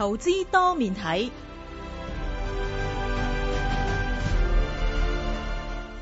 投資多面睇。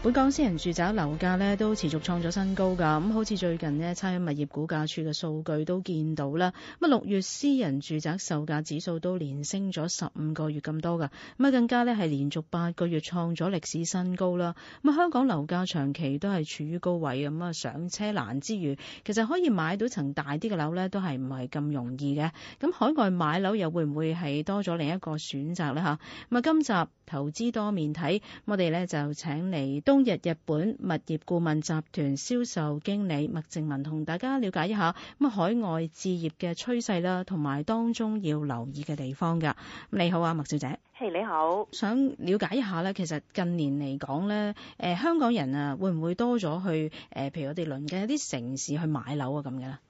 香港私人住宅樓價呢都持續創咗新高㗎，咁好似最近呢，差餉物業估價處嘅數據都見到啦，咁啊六月私人住宅售價指數都連升咗十五個月咁多㗎，咁啊更加呢，係連續八個月創咗歷史新高啦。咁啊香港樓價長期都係處於高位，咁啊上車難之餘，其實可以買到層大啲嘅樓呢，都係唔係咁容易嘅。咁海外買樓又會唔會係多咗另一個選擇呢？嚇？咁啊今集投資多面睇，我哋呢就請嚟東。今日日本物業顧問集團銷售經理麥靜文同大家了解一下，咁海外置業嘅趨勢啦，同埋當中要留意嘅地方㗎。你好啊，麥小姐，hey, 你好。想了解一下咧，其實近年嚟講咧，誒香港人啊會唔會多咗去誒，譬如我哋鄰近一啲城市去買樓啊咁嘅啦？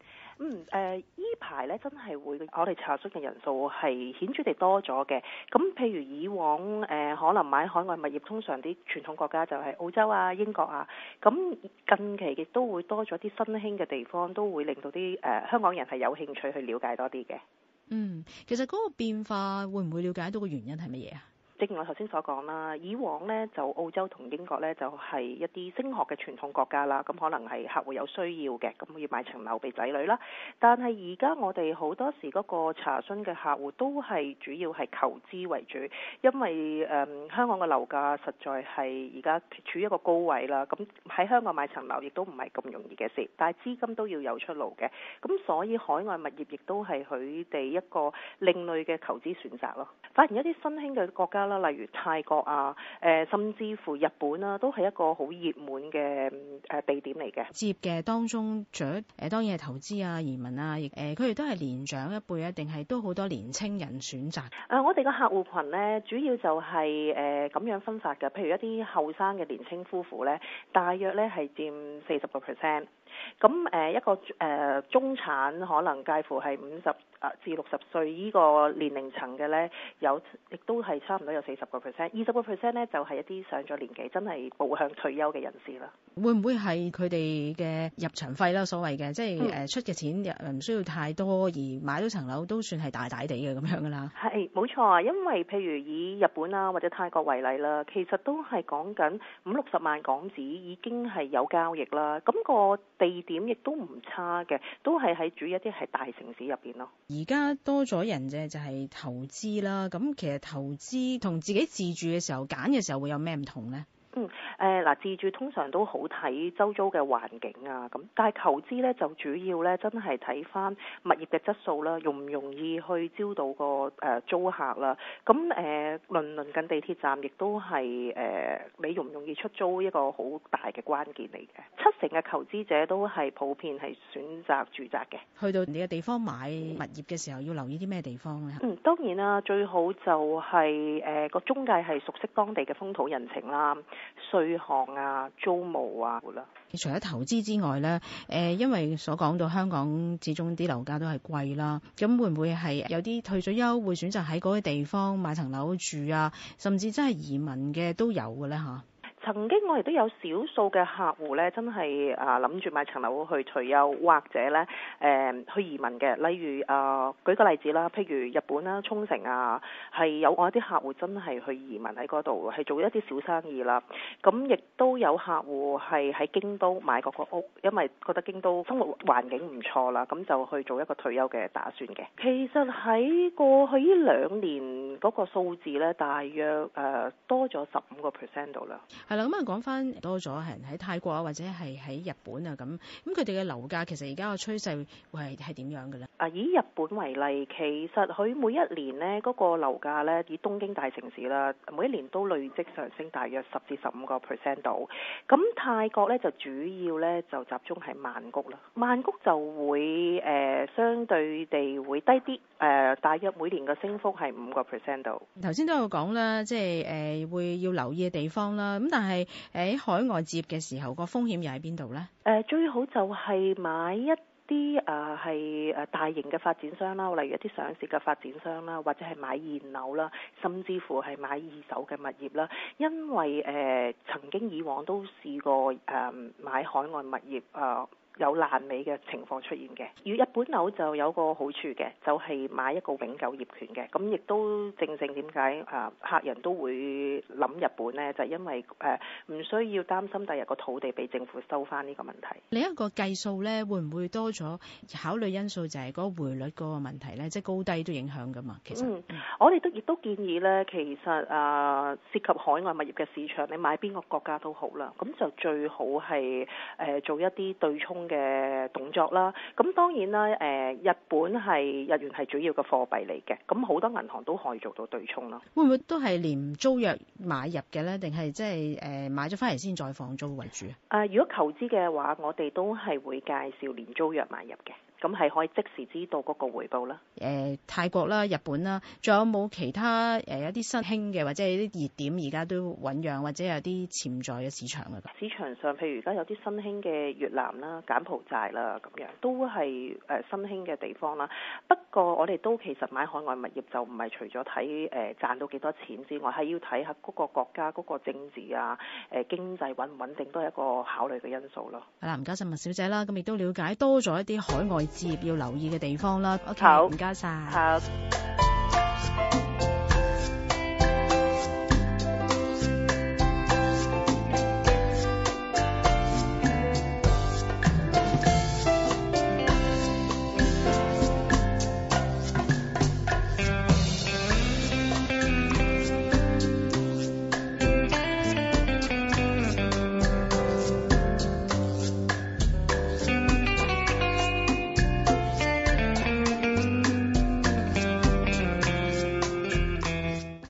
嗯，誒呢排咧真係會，我哋查詢嘅人數係顯著地多咗嘅。咁譬如以往誒、呃、可能買海外物業，通常啲傳統國家就係澳洲啊、英國啊，咁近期亦都會多咗啲新興嘅地方，都會令到啲誒、呃、香港人係有興趣去了解多啲嘅。嗯，其實嗰個變化會唔會了解到個原因係乜嘢啊？正如我頭先所講啦，以往呢就澳洲同英國呢就係一啲升學嘅傳統國家啦，咁可能係客戶有需要嘅，咁要買層樓俾仔女啦。但係而家我哋好多時嗰個查詢嘅客戶都係主要係投資為主，因為誒、嗯、香港嘅樓價實在係而家處於一個高位啦，咁喺香港買層樓亦都唔係咁容易嘅事，但係資金都要有出路嘅，咁所以海外物業亦都係佢哋一個另類嘅投資選擇咯。反而一啲新興嘅國家啦，例如泰國啊，誒、呃，甚至乎日本啊，都係一個好熱門嘅誒、呃、地點嚟嘅。置業嘅當中，除咗誒、呃、當然係投資啊、移民啊，亦誒佢哋都係年長一輩啊，定係都好多年青人選擇。誒、呃，我哋個客戶群呢，主要就係誒咁樣分發嘅。譬如一啲後生嘅年青夫婦呢，大約呢係佔四十個 percent。咁誒、呃、一個誒、呃、中產，可能介乎係五十，啊，至六十歲依個年齡層嘅呢，有亦都係差唔多有四十個 percent，二十個 percent 呢，就係一啲上咗年紀，真係步向退休嘅人士啦。會唔會係佢哋嘅入場費啦？所謂嘅，即係誒出嘅錢唔需要太多，而買到層樓都算係大大地嘅咁樣噶啦。係冇錯，因為譬如以日本啊或者泰國為例啦，其實都係講緊五六十萬港紙已經係有交易啦。咁個地點亦都唔差嘅，都係喺主要一啲係大城市入邊咯。而家多咗人啫，就係投資啦。咁其實投資同自己自住嘅時候揀嘅時候會有咩唔同咧？嗯，誒嗱，自住通常都好睇周遭嘅環境啊，咁但係投資咧就主要咧真係睇翻物業嘅質素啦，容唔容易去招到個誒租客啦，咁誒鄰鄰近地鐵站亦都係誒你容唔容易出租一個好大嘅關鍵嚟嘅。七成嘅投資者都係普遍係選擇住宅嘅。去到你嘅地方買物業嘅時候，嗯，要留意啲咩地方咧？嗯，當然啦，最好就係誒個中介係熟悉當地嘅風土人情啦。稅項啊、租務啊，啦。除咗投資之外呢，誒，因為所講到香港始終啲樓價都係貴啦，咁會唔會係有啲退咗休會選擇喺嗰啲地方買層樓住啊？甚至真係移民嘅都有嘅呢嚇？曾經我亦都有少數嘅客戶咧，真係啊諗住買層樓去退休，或者咧誒、呃、去移民嘅。例如啊、呃，舉個例子啦，譬如日本啦、沖繩啊，係、啊、有我一啲客戶真係去移民喺嗰度，係做一啲小生意啦。咁、嗯、亦都有客戶係喺京都買嗰個屋，因為覺得京都生活環境唔錯啦，咁就去做一個退休嘅打算嘅。其實喺過去兩呢兩年嗰個數字咧，大約誒、呃、多咗十五個 percent 度啦。咁啊，講翻多咗係喺泰國啊，或者係喺日本啊咁，咁佢哋嘅樓價其實而家嘅趨勢係係點樣嘅咧？啊，以日本為例，其實佢每一年呢嗰、嗰個樓價咧，以東京大城市啦，每一年都累積上升大約十至十五個 percent 度。咁泰國咧就主要咧就集中係曼谷啦，曼谷就會誒、呃、相對地會低啲，誒、呃、大約每年嘅升幅係五個 percent 度。頭先都有講啦，即係誒會要留意嘅地方啦，咁但係。係喺海外置業嘅時候，個風險又喺邊度呢？誒，最好就係買一啲誒係誒大型嘅發展商啦，例如一啲上市嘅發展商啦，或者係買現樓啦，甚至乎係買二手嘅物業啦。因為誒、呃、曾經以往都試過誒、呃、買海外物業誒。呃有爛尾嘅情況出現嘅，如日本樓就有個好處嘅，就係買一個永久業權嘅，咁亦都正正點解啊客人都會諗日本呢，就係因為誒唔需要擔心第日個土地畀政府收翻呢個問題。另一個計數呢，會唔會多咗考慮因素？就係嗰匯率嗰個問題呢，即係高低都影響噶嘛。其實，嗯，我哋都亦都建議呢，其實啊涉及海外物業嘅市場，你買邊個國家都好啦，咁就最好係誒做一啲對沖。嘅動作啦，咁當然啦，誒日本係日元係主要嘅貨幣嚟嘅，咁好多銀行都可以做到對沖囉。會唔會都係連租約買入嘅咧？定係即係誒買咗翻嚟先再放租為主啊？誒，如果投資嘅話，我哋都係會介紹連租約買入嘅。咁係可以即時知道嗰個回報啦、呃、泰國啦、日本啦，仲有冇其他誒有啲新興嘅或者係啲熱點，而家都醞釀或者有啲潛在嘅市場㗎？市場上譬如而家有啲新興嘅越南啦、柬埔寨啦咁樣，都係誒新興嘅地方啦。不過我哋都其實買海外物業就唔係除咗睇誒賺到幾多錢之外，係要睇下嗰個國家嗰個政治啊、誒、呃、經濟穩唔穩定都係一個考慮嘅因素咯。係啦，吳家新文小姐啦，咁亦都了解多咗一啲海外。置業要留意嘅地方啦，okay，好，唔該晒。